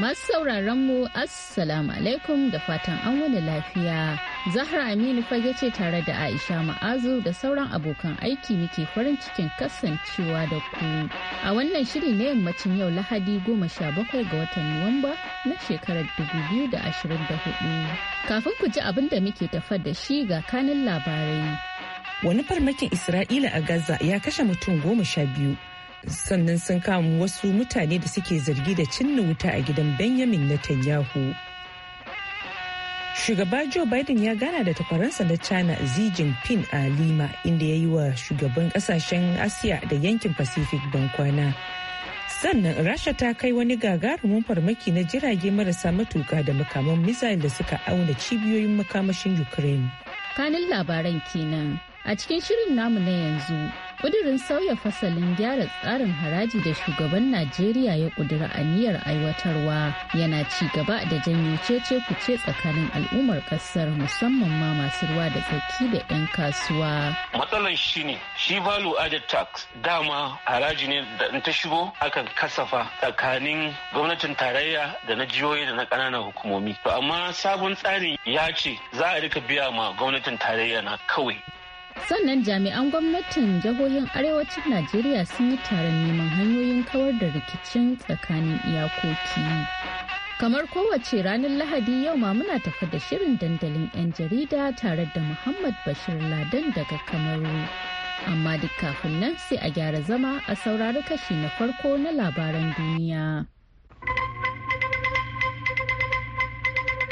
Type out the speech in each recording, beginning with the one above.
Masu sauraron mu Assalamu alaikum da fatan an wani lafiya. Zahra Aminu fage ce tare da Aisha Ma'azu da sauran abokan aiki muke farin cikin kasancewa da ku. A wannan shiri na yammacin yau Lahadi goma sha bakwai ga watan Nuwamba na shekarar dubu da ashirin da hudu. Kafin ku ji abin da muke tafa da shi ga kanin labarai. Wani farmakin Isra'ila a Gaza ya kashe mutum goma sha biyu sannan sun kama wasu mutane da suke zargi da cinna wuta a gidan benjamin netanyahu shugaba joe biden ya gana da takwaransa na china xi jinping a lima inda ya yi wa shugaban kasashen asiya da yankin pacific kwana. sannan rasha ta kai wani gagarumin farmaki na jirage marasa matuka da makaman misail da suka auna cibiyoyin makamashin ukraine kanin labaran kenan a cikin shirin namu na yanzu kudirin sauya fasalin gyara tsarin haraji da shugaban najeriya ya kudura aniyar aiwatarwa yana ci gaba da janyo cece kuce tsakanin al'ummar ƙasar, musamman ma masu ruwa da tsaki da 'yan kasuwa matsalar shi ne shi value added tax dama haraji ne da in ta shigo akan kasafa tsakanin gwamnatin tarayya da na jihohi da na ƙananan hukumomi to amma sabon tsarin ya ce za a rika biya ma gwamnatin tarayya na kawai sannan jami'an gwamnatin jihohin arewacin najeriya sun yi taron neman hanyoyin kawar da rikicin tsakanin iyakoki kamar kowace ranar lahadi yau ma muna tafi da shirin dandalin 'yan jarida tare da muhammad bashir ladan daga kamaru amma duk kafin nan sai a gyara zama a saurari kashi na farko na labaran duniya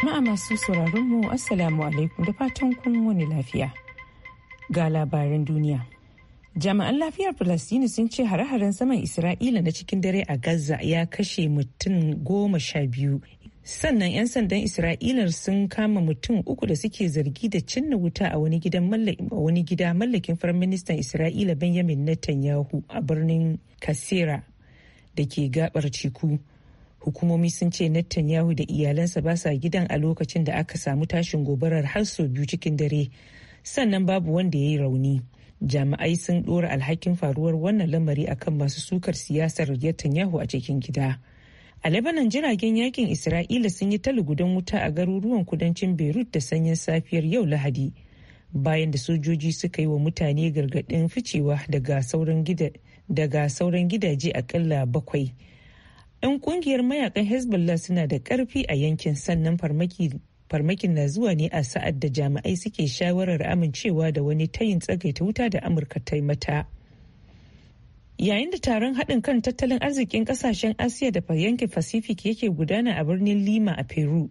ma'a masu sauraron mu assalamu alaikum da fatan kun wani lafiya ga labaran duniya. Jami'an lafiyar Falastini sun ce hare-haren saman Isra'ila na cikin dare a Gaza ya kashe mutum goma sha biyu. Sannan 'yan sandan Isra'ila sun kama mutum uku da suke zargi da cinna wuta a wani gida mallakin Firaministan Isra'ila Benjamin Netanyahu a birnin Kasera da ke gabar ciku. hukumomi sun ce Netanyahu da iyalansa ba sa gidan a lokacin da aka samu tashin gobarar har sau biyu cikin dare sannan babu wanda ya yi rauni jami'ai sun ɗora alhakin faruwar wannan lamari akan masu sukar siyasar Netanyahu a cikin gida. A Lebanon jiragen yakin Isra'ila sun yi talugudan wuta a garuruwan kudancin Beirut da sanyin safiyar yau Lahadi bayan da sojoji suka yi wa mutane gargaɗin ficewa daga sauran sauran gidaje akalla bakwai. 'Yan kungiyar mayakan Hezbollah suna da ƙarfi a yankin sannan farmaki farmakin na zuwa ne a sa'ad da jami'ai suke shawarar amincewa da wani tayin tsagaita wuta da amurka ta mata yayin da taron haɗin kan tattalin arzikin ƙasashen asiya da yanke pacific yake gudana a birnin lima a peru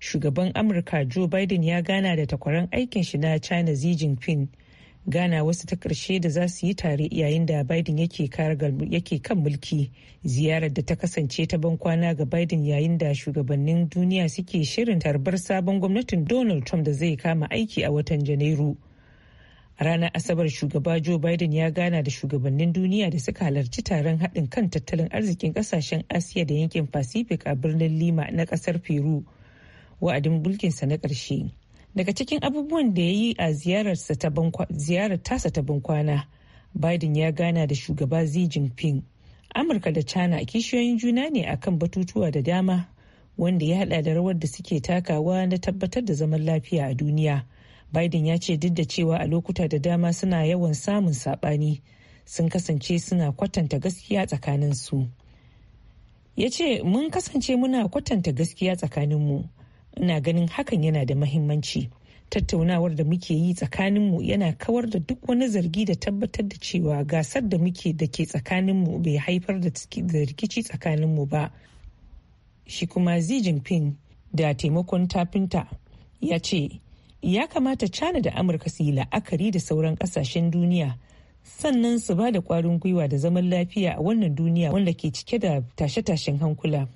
shugaban amurka joe biden ya gana da takwaran aikin shi na china xi jinping gana wasu ta ƙarshe da za su yi tare yayin da biden yake kan mulki ziyarar da ta kasance ta ban kwana ga biden yayin da shugabannin duniya suke shirin tarbar sabon gwamnatin donald trump da zai kama aiki a watan janairu a ranar asabar shugaba joe biden ya gana da shugabannin duniya da suka halarci taron haɗin kan tattalin arzikin ƙasashen asiya da yankin pacific a birnin lima na ƙasar peru wa'adin mulkinsa na ƙarshe daga cikin abubuwan da ya yi a ziyarar tasa ta bankwana biden ya gana da shugaba xi jinping amurka da china kishiyoyin juna ne akan batutuwa da dama wanda ya hada da rawar da suke takawa na tabbatar da zaman lafiya a duniya biden ya ce duk da cewa a lokuta da dama suna yawan samun sabani sun kasance suna kwatanta gaskiya tsakaninsu ya ce mun kasance muna kwatanta gaskiya tsakaninmu ina ganin hakan yana da mahimmanci tattaunawar da muke yi tsakaninmu yana kawar da duk wani zargi da tabbatar da cewa gasar da muke da ke tsakaninmu bai haifar da rikici tsakaninmu ba shi kuma xi jinping da taimakon tafinta ya ce ya kamata china da amurka su yi la'akari da sauran kasashen duniya sannan su ba da kwarin gwiwa da zaman lafiya a wannan duniya wanda ke cike da tashe-tashen hankula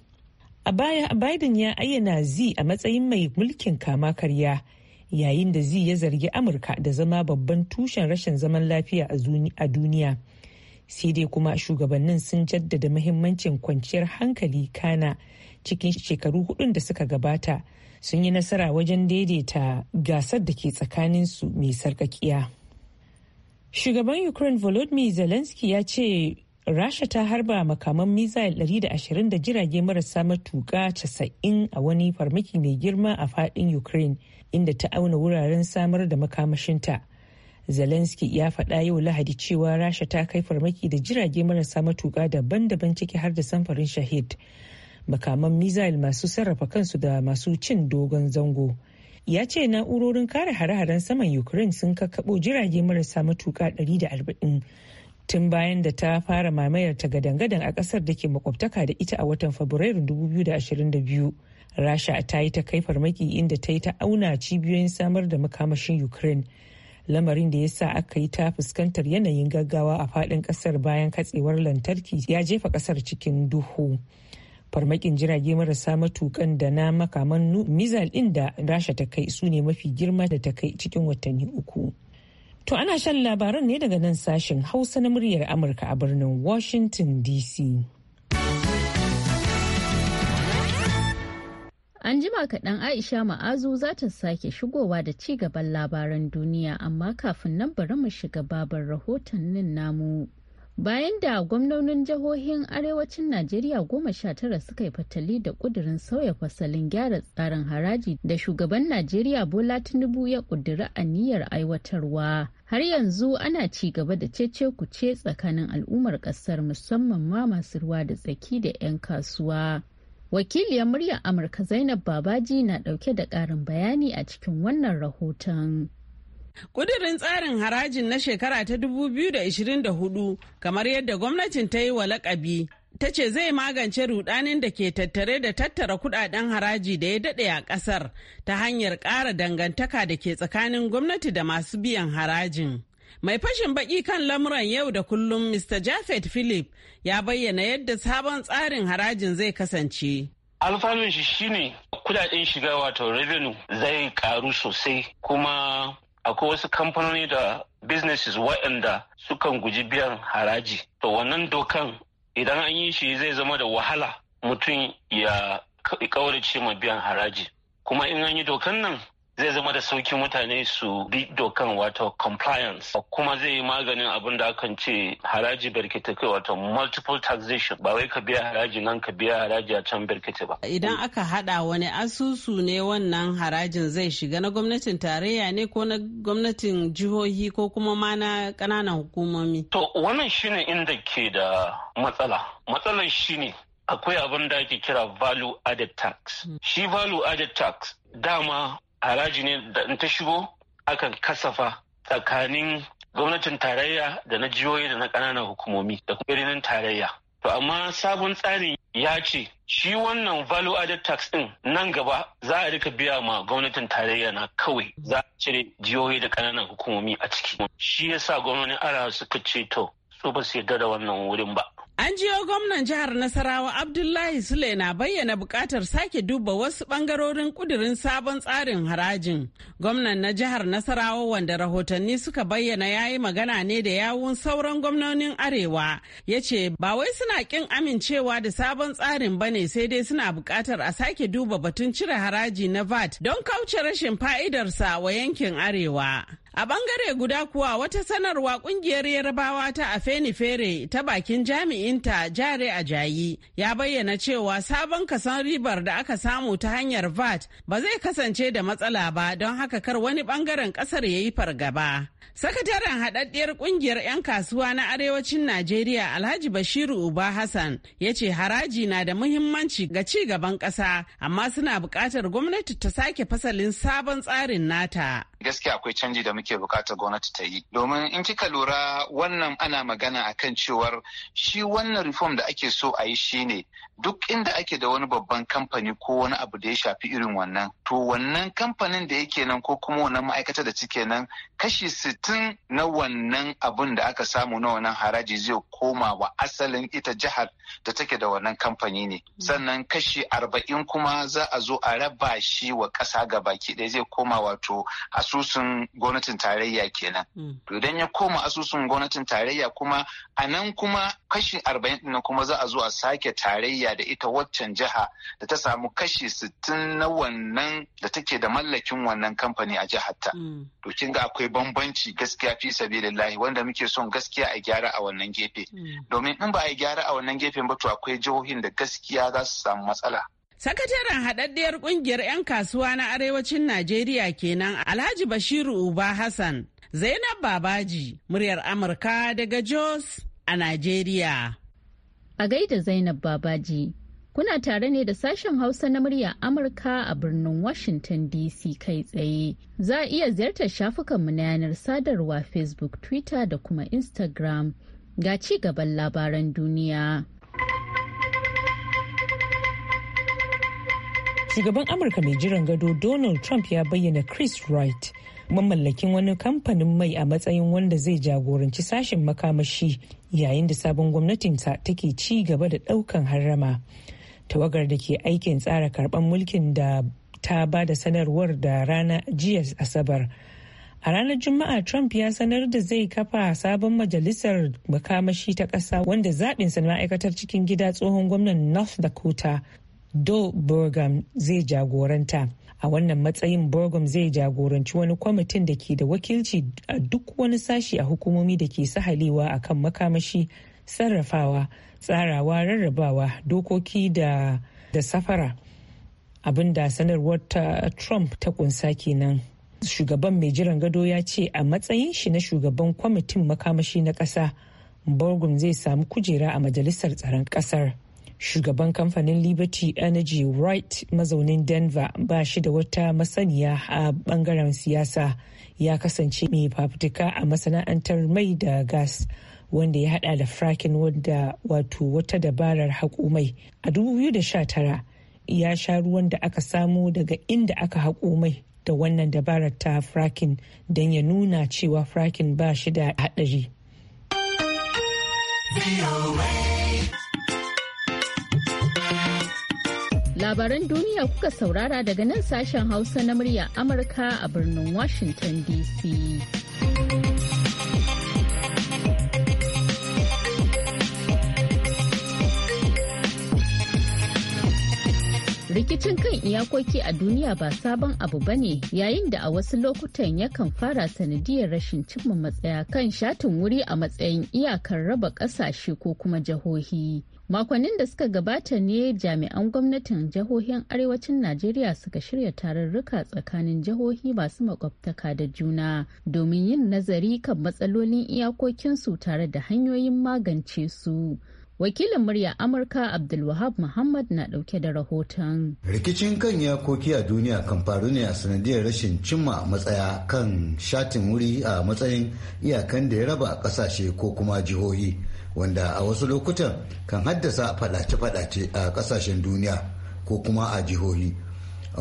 A baya Biden ya ayyana zi a matsayin mai mulkin kama karya yayin da zi ya zargi Amurka da zama babban tushen rashin zaman lafiya a duniya. Sai dai kuma shugabannin sun jaddada mahimmancin kwanciyar hankali kana cikin shekaru hudun da suka gabata sun yi nasara wajen daidaita gasar da ke tsakanin su mai sarkakiya. Shugaban Ukraine Volodymyr Zelensky ya ce rasha ta harba makaman mizal 120 da jirage marasa matuka 90 a wani farmaki mai girma a fadin ukraine inda ta auna wuraren samar da makamashinta zelensky ya faɗa yau lahadi cewa rasha ta kai farmaki da jirage marasa matuka daban-daban ciki har da samfarin shahid makaman mizal masu sarrafa kansu da masu cin dogon zango ya ce na'urorin kare hare-haren saman ukraine sun kakkaɓo jirage marasa matuka 140 tun bayan da ta fara mamayar ta gadan-gadan a kasar da ke makwabtaka da ita a watan fabrairu 2022 rasha ta yi ta kai farmaki inda ta yi ta auna cibiyoyin samar da makamashin ukraine lamarin da ya sa aka yi ta fuskantar yanayin gaggawa a fadin kasar bayan katsewar lantarki ya jefa kasar cikin duhu farmakin jirage marasa matukan da na makaman mizal ɗin da rasha ta kai su ne mafi girma da ta kai cikin watanni uku To ana shan labaran ne daga nan sashen Hausa na muryar Amurka a birnin Washington DC. An jima kaɗan Aisha Ma'azu za ta sake shigowa da ci gaban labaran duniya amma kafin nan bari mu shiga babar rahotannin namu. bayan da gwamnonin jihohin arewacin najeriya goma sha tara suka yi fatali da kudirin sauya fasalin gyara tsarin haraji da shugaban najeriya bola tinubu ya kudiri aniyar aiwatarwa har yanzu ana ci gaba da cece ce tsakanin al'ummar kasar musamman ma masu ruwa da tsaki da 'yan kasuwa wakiliyar muryar amurka zainab babaji na dauke da karin bayani a cikin wannan rahoton Kudirin tsarin harajin na shekara ta 2024 kamar yadda gwamnatin ta yi wa lakabi ta ce zai magance rudanin da ke tattare da tattara kudaden haraji da ya dade a kasar ta hanyar ƙara dangantaka da ke tsakanin gwamnati da masu biyan harajin. Mai fashin baki kan lamuran yau da kullum Mr. Jafet Philip ya bayyana yadda sabon tsarin harajin zai kasance. alfanun shi shine kudaden shiga wato revenue zai karu sosai kuma akwai wasu kamfanoni da businesses waɗanda sukan guji biyan haraji to wannan dokan idan an yi shi zai zama da wahala mutum ya kaurace ma biyan haraji kuma in an yi dokan nan zai zama da sauki mutane su bi dokan wato compliance kuma zai yi maganin abin da akan ce haraji berkete kai wato multiple taxation ba wai ka biya haraji nan ka biya haraji a can berkete ba idan eh. aka hada wani asusu ne wannan harajin zai shiga na gwamnatin tarayya ne ko na gwamnatin jihohi ko kuma ma na kananan hukumomi to wannan shine inda ke da matsala matsalar shine akwai abin da ake kira value added tax hmm. shi value added tax dama haraji ne da in ta shigo akan kasafa tsakanin gwamnatin tarayya da na jihohi da na ƙananan hukumomi da kuma birnin tarayya. To amma sabon tsarin ya ce shi wannan value added tax din nan gaba za a rika biya ma gwamnatin tarayya na kawai za a cire jihohi da ƙananan hukumomi a ciki. Shi yasa gwamnatin ara suka ce to su ba su yarda da wannan wurin ba. An jiyo gwamnan jihar Nasarawa Abdullahi Sule na bayyana bukatar sake duba wasu bangarorin kudirin sabon tsarin harajin. Gwamnan na jihar Nasarawa wanda rahotanni suka bayyana ya yi magana ne da yawun sauran gwamnonin Arewa ya ce ba wai suna kin amincewa da sabon tsarin ba ne sai dai suna bukatar a sake duba batun cire haraji na VAT don kauce rashin fa'idarsa wa yankin Arewa. A bangare guda kuwa wata sanarwa kungiyar Yarbawa ta Afenifere ta bakin jami'in jami'inta Jare jayi ya bayyana cewa sabon kasan ribar da aka samu ta hanyar VAT ba zai kasance da matsala ba don haka kar wani bangaren kasar ya yi fargaba. Sakataren haɗaɗɗiyar ƙungiyar 'yan kasuwa na Arewacin Najeriya Alhaji Bashiru Uba Hassan ya ce haraji na da muhimmanci ga ci gaban ƙasa amma suna buƙatar gwamnati ta sake fasalin sabon tsarin nata. gaskiya akwai canji da muke bukatar gwamnati ta yi domin in kika lura wannan ana magana akan cewar shi wannan reform da ake so a yi shine duk inda ake da wani babban kamfani ko wani abu da ya shafi irin wannan to wannan kamfanin da yake nan ko kuma wannan ma'aikata da cike nan kashi sittin na wannan abun da aka samu na wannan haraji zai koma wa asalin ita jihar da take da wannan kamfani ne sannan kashi arba'in kuma za a zo a raba shi wa ƙasa baki ɗaya zai koma wato asusun gwamnatin tarayya kenan mm. to idan ya koma asusun gwamnatin tarayya kuma a nan kuma kashi arba'in kuma za a zo a sake tarayya tarayya da ita waccan jiha da ta samu kashi sittin na wannan da take da mallakin wannan kamfani a jiharta. Mm. To kin ga akwai bambanci gaskiya fi sabilillahi wanda muke son gaskiya a gyara a wannan gefe. Mm. Domin in ba a gyara a wannan gefen ba to akwai jihohin da gaskiya za su samu matsala. Sakataren haɗaɗɗiyar ƙungiyar 'yan kasuwa na Arewacin Najeriya kenan Alhaji Bashiru Uba Hassan, Zainab Babaji, muryar Amurka daga Jos a Najeriya. A gaida Zainab Babaji, kuna tare ne da sashen Hausa na murya Amurka a birnin Washington DC kai tsaye. Za a iya ziyartar shafukanmu na yanar sadarwa Facebook, Twitter da kuma Instagram. Ga ci gaban labaran duniya. Shugaban Amurka mai jiran gado Donald Trump ya bayyana Chris Wright mamallakin wani kamfanin mai a matsayin wanda zai jagoranci sashen makamashi yayin da sabon gwamnatinsa take ci gaba da ɗaukan harrama. Tawagar da ke aikin tsara karɓar mulkin da ta ba da sanarwar da rana jiya Asabar. A ranar Juma'a Trump ya sanar da zai kafa sabon majalisar makamashi ta ƙasa wanda zaɓinsa na ma'aikatar cikin gida tsohon gwamnan North Dakota, Doe Burgum zai jagoranta. a wannan matsayin borgum zai jagoranci wani kwamitin da ke da wakilci a duk wani sashi a hukumomi da ke sahalewa a kan makamashi sarrafawa tsarawa rarrabawa dokoki da da safara abin da sanarwar ta trump ta kunsa kenan shugaban mai jiran gado ya ce a matsayin shi na shugaban kwamitin makamashi na ƙasa borgum zai samu kujera a majalisar tsaron ƙasar shugaban kamfanin liberty energy right mazaunin denver ba shi da wata masaniya a bangaren siyasa ya kasance mai fafutuka a masana'antar mai da gas wanda ya hada da fracking wanda wato wata dabarar haƙo mai a 2019 ya sha ruwan da aka samo daga inda aka haƙo mai da wannan dabarar ta fracking don ya nuna cewa fracking ba shi da haɗari. Labaran duniya kuka saurara daga nan sashen Hausa na murya Amurka a birnin Washington DC. rikicin kan iyakoki a duniya ba sabon abu ba ne yayin da a wasu lokutan yakan fara sanadiyar rashin cimma matsaya kan shatin wuri a matsayin iyakar raba ƙasashe ko kuma jihohi makonnin da suka gabata ne jami'an gwamnatin jihohin arewacin najeriya suka shirya tararruka tsakanin jihohi masu makwabtaka da juna domin yin nazari kan matsalolin iyakokinsu tare da hanyoyin magance su wakilin murya amurka abdulwahab muhammad na dauke da rahoton rikicin kan iyakoki a duniya kan faru ne a sanadiyar rashin cimma matsaya kan shatin wuri a matsayin iyakan da ya raba kasashe ko kuma jihohi wanda a wasu lokutan kan haddasa fadace-fadace a kasashen duniya ko kuma a jihohi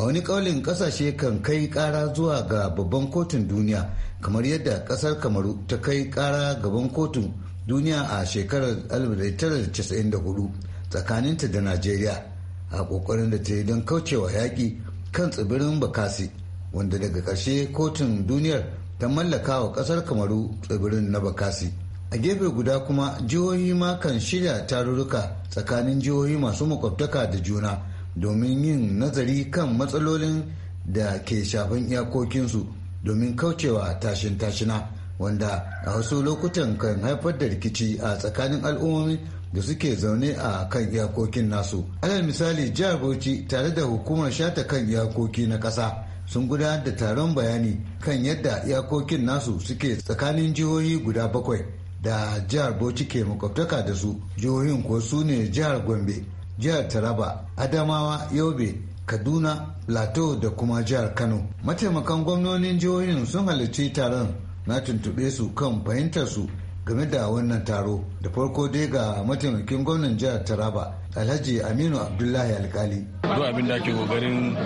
a wani kaulin kasashe kan kai kara zuwa ga babban kotun duniya kamar yadda kasar kamaru ta kai kara gaban kotun duniya a shekarar 1994 tsakaninta da najeriya a kokarin da ta yi don kaucewa yaƙi kan tsibirin bakasi wanda daga ƙarshe kotun duniyar ta mallaka wa ƙasar kamaru tsibirin na bakasi a gefe guda kuma jihohi ma kan shirya tarurruka tsakanin jihohi masu makwabtaka da juna domin yin nazari kan matsalolin da ke shafin iyakokinsu domin kaucewa tashin tashina wanda a wasu lokutan kan haifar da rikici a tsakanin al'ummomi da suke zaune a kan iyakokin nasu alal misali jihar bauchi tare da hukumar shata kan iyakoki na ƙasa sun gudanar da taron bayani kan yadda iyakokin nasu suke tsakanin jihohi guda bakwai da jihar bauchi ke makwabtaka da su jihohin ko su ne jihar gombe jihar taraba adamawa yobe kaduna plateau da kuma jihar kano mataimakan gwamnonin jihohin sun halarci taron na tuntuɓe su kan fahimtar su game da wannan taro da farko dai ga mataimakin gwamnan jihar taraba Alhaji Aminu Abdullahi Alkali. Duk abin da ake kokarin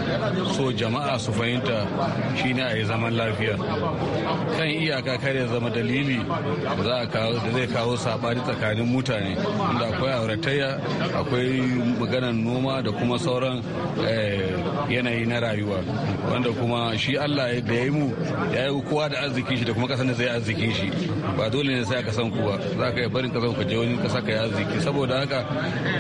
so jama'a su fahimta shine a yi zaman lafiya. Kan iyaka kar ya zama dalili za a kawo da zai kawo sabani tsakanin mutane inda akwai auratayya akwai maganar noma da kuma sauran eh, yanayi na rayuwa wanda kuma shi Allah da ya yi mu ya yi kowa da arzikin shi da kuma kasan da zai arzikin shi ba dole ne sai ka san kuwa za ka yi barin kasan ka je wani kasa ka yi arziki saboda haka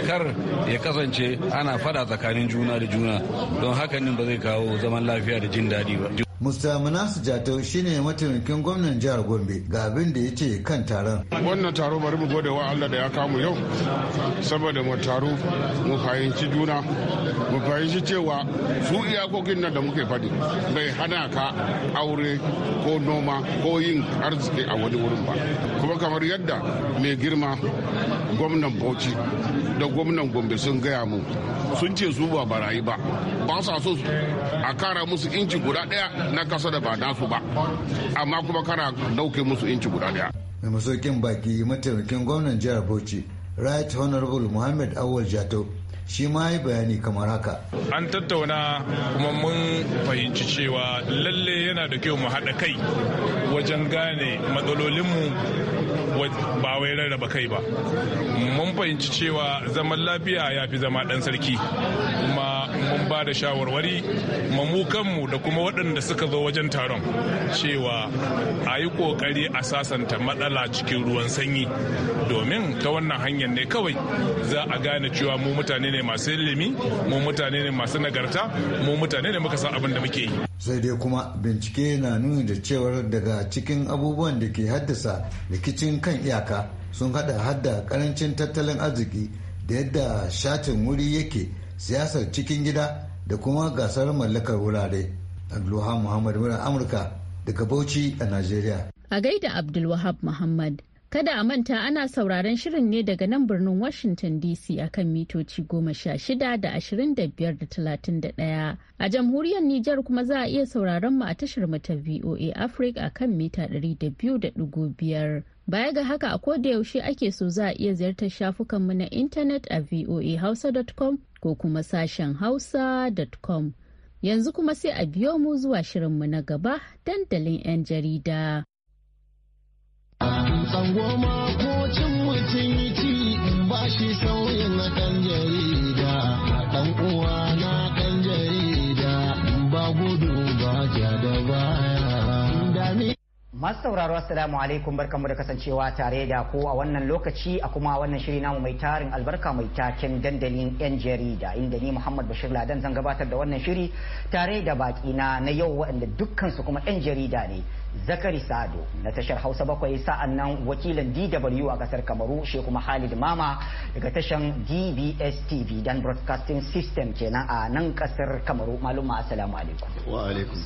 kar ya kasance ana fada tsakanin juna da juna don hakanin ba zai kawo zaman lafiya da jin daɗi ba Musta Manasu Jatau shine mataimakin gwamnan jihar Gombe ga abin da ya ce kan taron. Wannan taro bari mu gode wa Allah da ya kamu yau saboda mu taro mu fahimci juna mu fahimci cewa su iyakokin nan da muke faɗi bai hana ka aure ko noma ko yin arziki a wani wurin ba. Kuma kamar yadda mai girma gwamnan Bauchi da gwamnan Gombe sun gaya mu sun ce su ba barayi ba ba sa so a kara musu inci guda ɗaya na kasa da ba nasu ba amma kuma kana dauke musu inci guda daya mai masaukin baki mataimakin gwamnan jihar bauchi right honorable muhammad awal jato shi ma yi bayani kamar haka. An tattauna kuma mun fahimci cewa lalle yana da kyau mu haɗa kai wajen gane matsalolinmu ba wai rarraba kai ba. Mun fahimci cewa zaman lafiya ya fi zama ɗan sarki kuma mun ba da shawarwari mamu kanmu da kuma waɗanda suka zo wajen taron cewa a yi ƙoƙari a sasanta matsala cikin ruwan sanyi domin ta wannan hanyar ne kawai za a gane cewa mu mutane ne masu ilimi mu mutane ne masu nagarta mu mutane ne muka san abin da muke yi sai dai kuma bincike na nuna da cewar daga cikin abubuwan da ke haddasa rikicin kan iyaka sun hada hadda karancin tattalin arziki da yadda shatin wuri yake siyasar cikin gida da kuma gasar mallakar wurare abdulwahab muhammad murar amurka daga bauchi a najeriya a gaida abdulwahab muhammad Kada a manta ana sauraron shirin ne daga nan birnin Washington DC akan mitoci goma sha shida da ashirin da biyar da talatin da ɗaya. A jamhuriyar Nijar kuma za a iya sauraron mu a tashar ta VOA Africa akan mita ɗari da biyu da ɗigo biyar. Baya ga haka a koda yaushe ake so za a iya ziyartar shafukanmu na intanet a voahausa.com ko kuma sashen hausa.com. Yanzu kuma sai a biyo mu zuwa shirinmu na gaba dandalin 'yan jarida. Tsangoma ko cin mutum yi ci ba shi sauyin na ɗan jarida, ɗan uwa na ɗan jarida ba gudu ba ja da baya. Masu sauraro assalamu alaikum barkamu da kasancewa tare da ku a wannan lokaci a kuma wannan shiri namu mai tarin albarka mai taken dandalin yan jarida inda ni Muhammad Bashir Ladan zan gabatar da wannan shiri tare da baki na na yau waɗanda dukkan su kuma yan jarida ne Zakari Sado na tashar Hausa bakwai sa'an nan wakilan DW a kasar Kamaru kuma Khalid Mama daga tashan DBS TV dan Broadcasting System kenan a nan kasar Kamaru maluma assalamu alaikum. Wa alaikum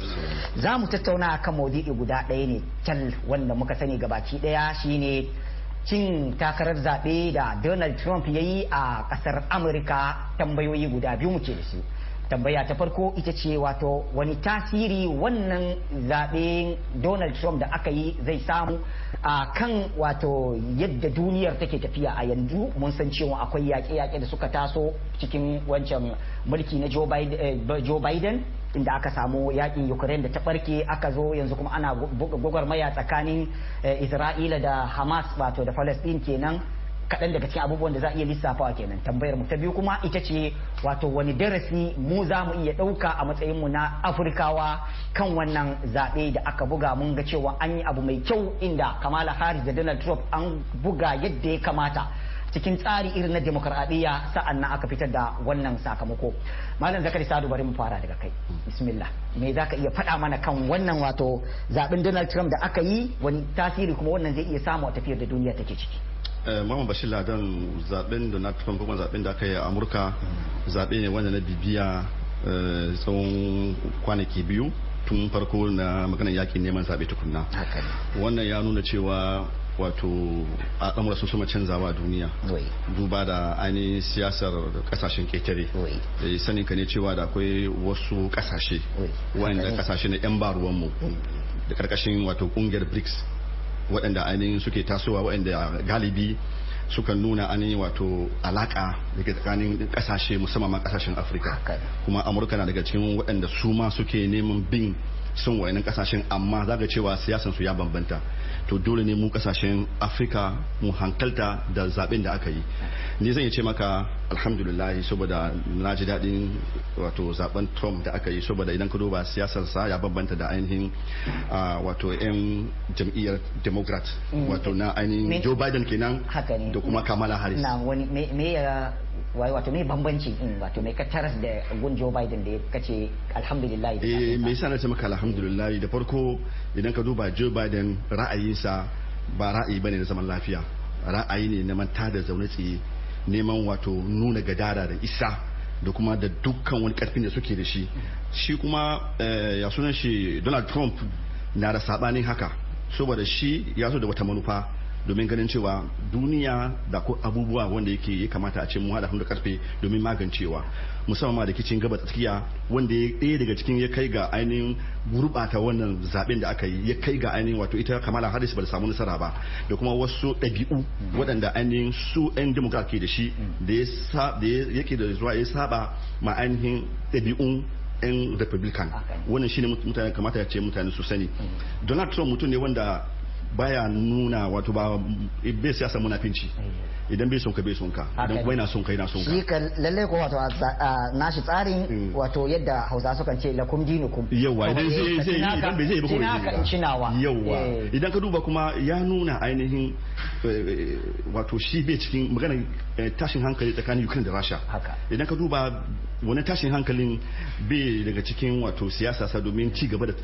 Za mu tattauna kan maudu'i guda ɗaya ne cal wanda muka sani gabaki daya shine cin takarar zaɓe da donald trump ya yi a ƙasar amurka tambayoyi guda biyu muke da su tambaya ta farko ita ce wato wani tasiri wannan zaɓen donald trump da aka yi zai samu a kan wato yadda duniyar take tafiya a yanzu mun san cewa akwai yaƙe-yaƙe da suka taso cikin wancan mulki na joe biden eh, inda aka samu yakin ukraine da ta barke aka zo yanzu kuma ana maya tsakanin eh, isra'ila da hamas wato da palestine kenan kaɗan daga cikin abubuwan da za a iya lissafawa kenan tambayar mu ta biyu kuma ita ce wato wani darasi mu za mu iya ɗauka a matsayin mu na afirkawa kan wannan zaɓe da aka buga mun ga cewa an yi abu mai kyau inda kamala harris da donald trump an buga yadda ya kamata cikin tsari irin na demokradiyya sa'an nan aka fitar da wannan sakamako malam zakari sadu bari mu fara daga kai bismillah me ka iya faɗa mana kan wannan wato zaben donald trump da aka yi wani tasiri kuma wannan zai iya samu a tafiyar da duniya take ciki eh, Mama Bashir Ladan zaben Donald Trump kuma zaben da aka yi a Amurka zaɓe ne wanda na bibiya eh, tsawon kwanaki biyu tun farko na maganar yakin neman zaɓe tukunna. Wannan ya nuna cewa wato ɗamura sun suma canzawa a duniya duba da ainihin siyasar kasashen ketare eh, sanin ka ne cewa da akwai wasu kasashe wa'anda kasashe na 'yan baruwanmu da karkashin wato kungiyar brics waɗanda ainihin suke tasowa waɗanda galibi sukan nuna ainihin wato alaka da ke tsakanin kasashe musamman kasashen afirka kuma amurka na daga cikin waɗanda su ma suke neman bin sun wayannan kasashen amma za ga cewa siyasan su ya bambanta to dole ne mu kasashen afirka mu hankalta da zaben da aka yi ni zan ce maka alhamdulillah saboda na ji daɗin wato zaben trump da aka yi saboda idan ka duba siyasarsa ya bambanta da ainihin wato 'yan jam'iyyar democrat mm. wato na ainihin joe biden kenan da kuma kamala harris na wani me ya wato me bambanci mm, wato me ka taras da gun joe biden da ya kace alhamdulillah eh me yasa na ce maka alhamdulillah da farko idan ka duba joe biden ra'ayinsa ba ra'ayi bane na zaman lafiya ra'ayi ne na manta da zaune tsaye neman wato nuna gadara da isa da kuma da dukkan wani karfin da suke da shi shi kuma eh, ya sunan shi donald trump na da sabanin haka saboda shi ya so da wata manufa domin ganin cewa duniya da ko abubuwa wanda yake ya kamata a ce mu haɗa da karfe domin magancewa musamman da kicin gaba tsakiya wanda ya ɗaya daga cikin ya kai ga ainihin gurɓata wannan zaɓen da aka yi ya kai ga ainihin wato ita kamala harris ba samu nasara ba da kuma wasu ɗabi'u mm-hmm. waɗanda ainihin su 'yan democrat ke da shi mm-hmm. da yake da zuwa ya saba ma ainihin ɗabi'un 'yan republican wannan shine mutane kamata ya ce mutane su sani mm-hmm. donald trump mutum ne wanda baya nuna wato ba bai siyasa munafinci eh. idan bai son ka bai son ka idan kuma yana son ka yana son ka shi kan lalle ko wato nashi tsarin mm. wato yadda Hausa sukan ce lakum dinukum yawa idan zai eh, zai idan bai zai ba kuma zai yawa eh. idan ka duba kuma ya nuna ainihin eh, wato shi bai cikin magana tashin hankali tsakanin Ukraine da Russia idan ka duba wani tashin hankalin bai daga cikin wato siyasa sa domin ci gaba da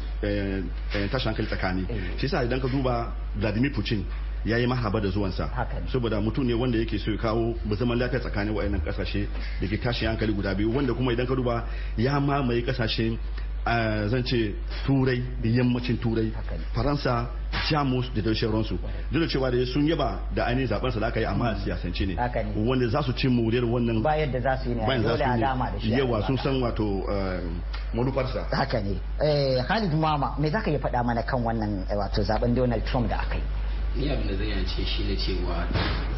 tashin hankali tsakani shi yasa idan ka duba Vladimir Putin ya yi mahaba da zuwansa saboda mutum ne wanda yake so ya kawo zaman lafiya tsakanin wayannan kasashe da ke tashi hankali guda biyu wanda kuma idan ka duba ya mamaye kasashe zan ce turai da yammacin turai faransa jamus da dai sauransu duk da cewa da sun yaba da ainihin zaben sa da aka yi amma siyasance ne wanda za su ci muriyar wannan bayan da za su yi ne bayan za su yi yawa sun san wato eh, manufarsa haka ne eh, Khalid Mama me zaka yi faɗa mana kan wannan eh, wato zaben Donald Trump da aka yi ni abin da zai yi shi shine cewa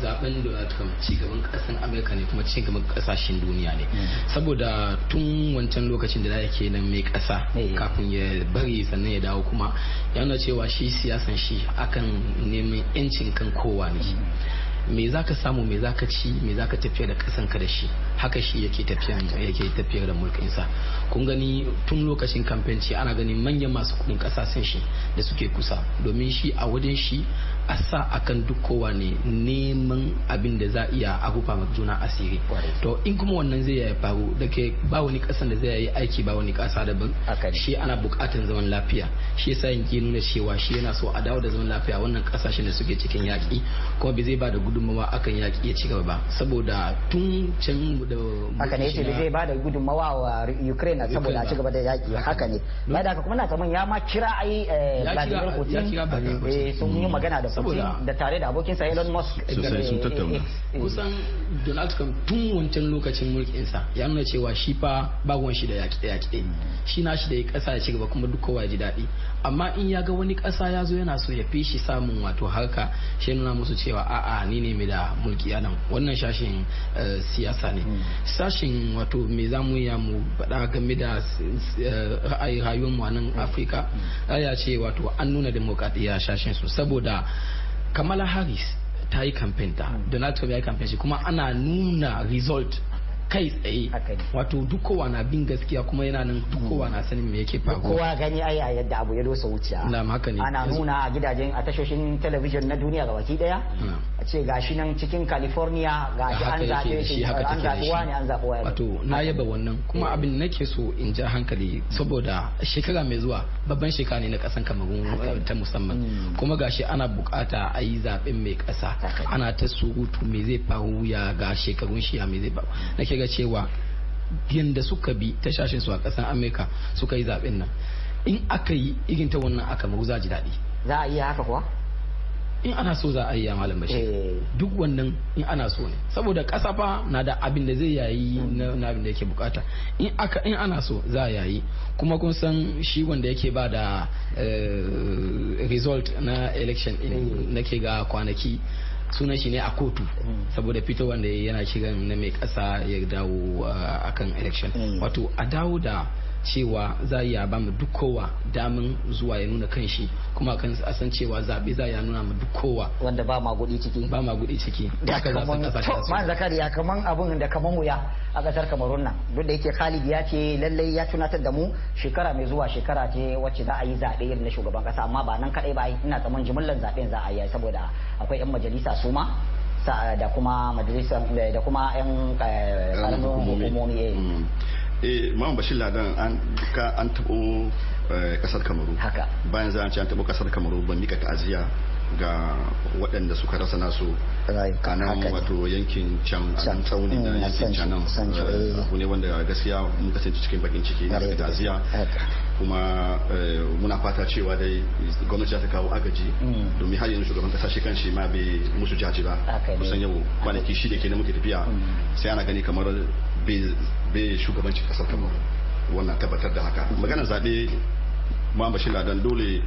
zaben Donald Trump cigaban kasan Amurka ne kuma cigaban kasashen duniya ne mm. saboda tun wancan lokacin da yake nan mai kasa mm. kafin ya bari sannan ya dawo kuma ya nuna cewa shi siyasan shi akan neman yancin kan kowa ne mm. me za ka samu me za ka ci me za ka tafiya da kasan ka da shi haka shi yake tafiyar da mulkinsa kun gani tun lokacin kamfen ana ganin manyan masu kudin kasashen shi da suke kusa domin shi a wajen shi a sa akan duk kowa ne neman abin da za iya agufa ma juna asiri to in kuma wannan zai ya faru da ke ba wani kasan da zai yi aiki ba wani kasa da ban shi ana bukatan zaman lafiya shi yasa yanki nuna cewa shi yana so a dawo da zaman lafiya wannan kasashen da suke cikin yaƙi kuma bai zai ba da gudunmawa akan yaƙi ya ci gaba ba saboda tun can da haka ne yace zai ba da gudunmawa wa Ukraine saboda a ci gaba da yaƙi haka ne bai da kuma na kaman ya ma kira ai eh, Vladimir Putin eh, sun yi magana da saboda da tare da abokin sa Elon Musk sosai sun eh, tattauna eh, eh. kusan Donald Trump tun wancan lokacin sa ya nuna cewa shi fa ba gwan shi da yaki yaki shi na shi da kasa ya cigaba gaba kuma duk kowa ji daɗi amma in ya ga wani kasa ya zo yana so ya fi shi samun wato harka shi nuna musu cewa a ni ne mai da mulki nan wannan shashin siyasa ne hmm. sashen wato me za mu ya mu faɗa game da ra'ayi rayuwar mu a nan Afirka hmm. ya ce wato an nuna demokradiyya sashin su saboda kamala harris ta yi campaign ta hmm. donald trump ya yi campaign shi kuma ana nuna result kai tsaye wato duk kowa na bin gaskiya kuma yana nan duk kowa na sanin me yake faruwa kowa gani ai a yadda abu ya dosa wuciya na haka ne ana nuna a gidajen a tashoshin talabijin na duniya ga baki daya a ce gashi nan cikin California gashi an zabe shi an wa ne an zabuwa wato na yaba wannan kuma eh. abin nake so in ja hankali saboda shekara mai zuwa babban shekara ne na kasan Cameroon eh, ta musamman hmm. kuma gashi ana bukata a yi zaben mai kasa ana ta surutu me zai faru ya ga shekarun shi ya me zai faru nake ga cewa yadda suka bi ta shashin su a ƙasar amurka suka yi zaɓen nan in aka yi irin ta wannan aka maru za ji daɗi za a iya haka kuwa in ana so za a yi malam bashi eh. duk wannan in ana so ne saboda ƙasa fa na da abin da zai yayi hmm. na abin da yake bukata in aka in ana so za a yayi kuma kun san shi wanda yake ba da eh, result na election hmm. na ke ga kwanaki sunan shi ne a kotu hmm. saboda fito wanda yana shiga na mai kasa ya dawo uh, akan election hmm. wato a dawo da cewa za a iya mu duk kowa damin zuwa ya nuna kan shi kuma kan a san cewa zaɓe za a nuna mu duk kowa wanda ba ma gudi ciki ba ma gudi ciki da kaman man zakari ya kaman abun da kaman wuya a kasar kamarun nan duk da yake Khalid ya ce lallai ya tunatar da mu shekara mai zuwa shekara ce wacce za a yi zaɓe irin na shugaban kasa amma ba nan kadai ba ina tsaman jimillan zaɓen za a yi saboda akwai yan majalisa su ma da kuma majalisar da kuma yan karamin eh, hukumomi eh. mm. eh bashir ladan an ka an tabo kasar eh, kamaru haka bayan za an ce an tabo kasar kamaru ban mika ta'aziyya ga waɗanda suka rasa nasu a wato yankin can an tsauni na mm, yankin can nan eh, eh. abu ne wanda gaskiya mun kasance cikin bakin ciki na da aziya kuma muna fata cewa dai gwamnati ta kawo agaji mm. domin har yanzu shugaban kasa shi kanshi ma bai musu jaji ba kusan yau kwanaki shi da ke na muke tafiya mm. sai ana gani kamar bai Be shugabancin kasar kamar wannan tabbatar da haka magana zaɓe ma bashi ladan dole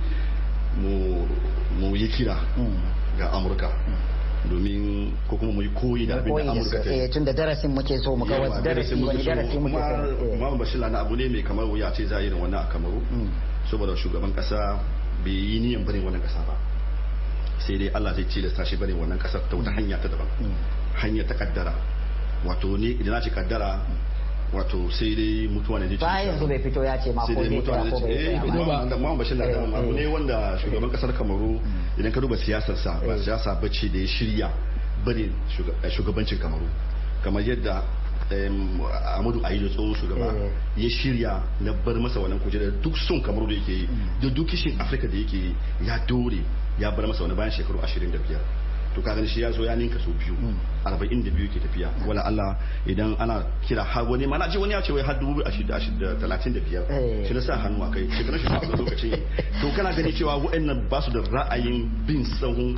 mu yi kira hmm. ga amurka hmm. domin ko kuma mu yi koyi da abin da amurka ta yi tun da darasin muke so mu ga wasu darasi wani darasi muke so kuma eh. ma bashi ladan abu ne mai kamar wuya ce za a yi da wannan a kamaru hmm. saboda shugaban kasa bai yi niyan bane wannan kasa ba sai dai allah zai da sashi bane wannan kasar ta wata hanya ta daban hanya ta kaddara wato ni idan na ce kaddara wato sai dai mutuwa ne ba yanzu bai fito ya ce ma ko ne mutuwa ko bai ma. Eh, ba da Muhammad Bashir na da abu ne wanda shugaban kasar Kamaru mm. idan ka duba siyasarsa ba eh. siyasa bace da ya shirya bane eh, shugabancin Kamaru kamar yadda Amadu ayi Ayido tsohon shugaba ya shirya na bar masa wannan kujerar duk son Kamaru da yake yi mm. da duk kishin Afirka da yake yi ya dore ya bar masa wani bayan shekaru 25 to ka gani shi ya zo ya ninka sau biyu hmm. arba'in da biyu ke tafiya wala Allah idan ana kira har wani mana na ji wani ya ce wai har dubu ashirin da talatin da biyar eh. shi na sa hannu a kai shekarar shi a lokacin to kana gani cewa waɗannan ba su da ra'ayin bin sahun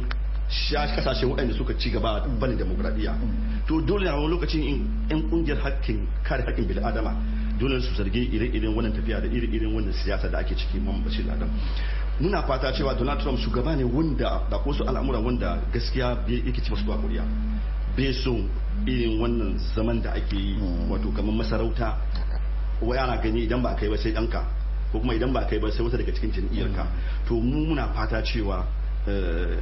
sha kasashen waɗanda suka ci gaba bane demokradiyya hmm. to dole a wani lokacin in ƙungiyar hakkin kare hakkin bil'adama dole su zargi ire-iren wannan tafiya da ire-iren wannan siyasa da ake ciki mamba bashir adam muna fata cewa donald trump shugaba ne wanda da kusa al'amura wanda gaskiya yake ci masu kuriya bai so irin wannan zaman da ake yi hmm. wato kamar masarauta wai na gani idan ba kai ba sai danka ko kuma idan ba kai ba sai wata daga cikin jam'iyyarka hmm. to mu muna fata cewa eh,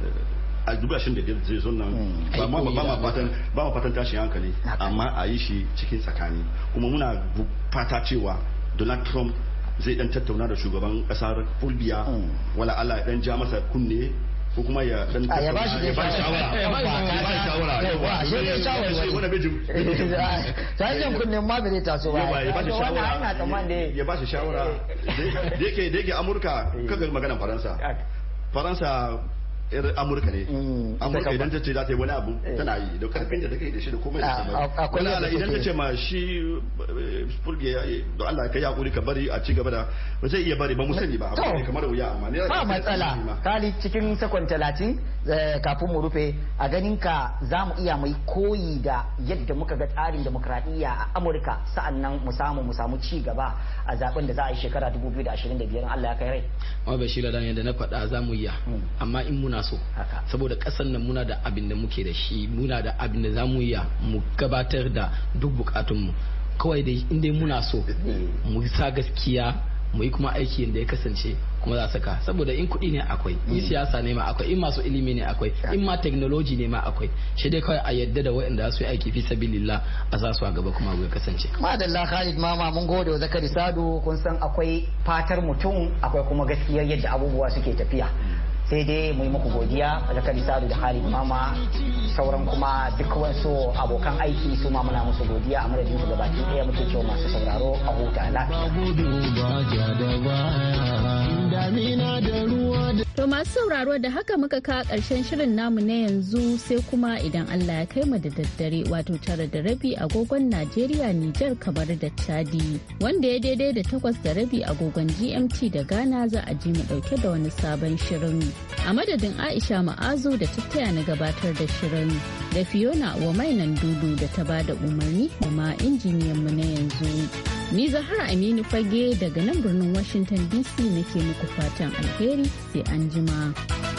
a duba shi da zai zo nan hmm. ba ma fatan ba ma fatan tashin hankali amma a yi shi cikin tsakani kuma muna fata cewa donald trump zai dan tattauna da shugaban kasar fulbiya mm. wala Allah dan ja masa kunne ko kuma ya dan ya ba shi shawara ya ba shi shawara ba shi shawara Ya ta ma bai taso ba ya ba shi shawara ya ba shi shawara da yake da yake Amurka kaga maganar Faransa Faransa yar amurka ne mm, amurka idan ta ce za ta yi wani abu eh. tana yi da karfin da take da shi da komai da ah, komai wani ala idan ta ce ma shi eh, spurge da Allah ka yi hakuri ka bari a ci gaba da ba zai iya bari ba musani ba abu kamar wuya amma ne ba matsala kali cikin sakon talatin eh, kafin mu rufe a ganin ka za mu iya mai koyi da yadda muka ga tsarin demokradiyya a amurka sa'an nan mu samu mu samu ci gaba a zaben da za a yi shekara 2025 Allah ya kai rai. Mabashira dan yadda na faɗa za mu iya mm. amma in muna so saboda kasan nan muna da abin da muke da shi muna da abin da zamu iya mu gabatar da duk bukatunmu kawai dai inda muna so mu sa gaskiya mu yi kuma aiki da ya kasance kuma za saka saboda in kuɗi ne akwai in mm. siyasa ne ma akwai in masu ilimi ne akwai in ma technology ne ma akwai shi dai kawai a yadda da waɗanda su yi aiki fi sabilillah a za su a gaba kuma ya kasance madalla khalid mama mun gode wa zakari sadu kun san akwai fatar mutum akwai kuma gaskiyar yadda abubuwa suke tafiya mm. sai dai mu yi muku godiya kan sadu da hali mama sauran kuma duk wasu abokan aiki su ma muna musu godiya a madadin su gabaki daya muke cewa masu sauraro a huta lafiya. To masu sauraro da haka muka ka ƙarshen shirin namu na yanzu sai kuma idan Allah ya kai mu da daddare wato tara da rabi agogon Najeriya Nijar kamar da Chadi wanda ya daidai da takwas da rabi agogon GMT da Ghana za a ji mu ɗauke da wani sabon shirin. A madadin Aisha Ma'azu da ta na gabatar da shirin da Fiona wa mainan dudu da ta bada umarni kuma injiniyan mu na yanzu. Ni zahar Aminu Fage daga nan birnin Washington DC nake muku fatan alheri sai an jima.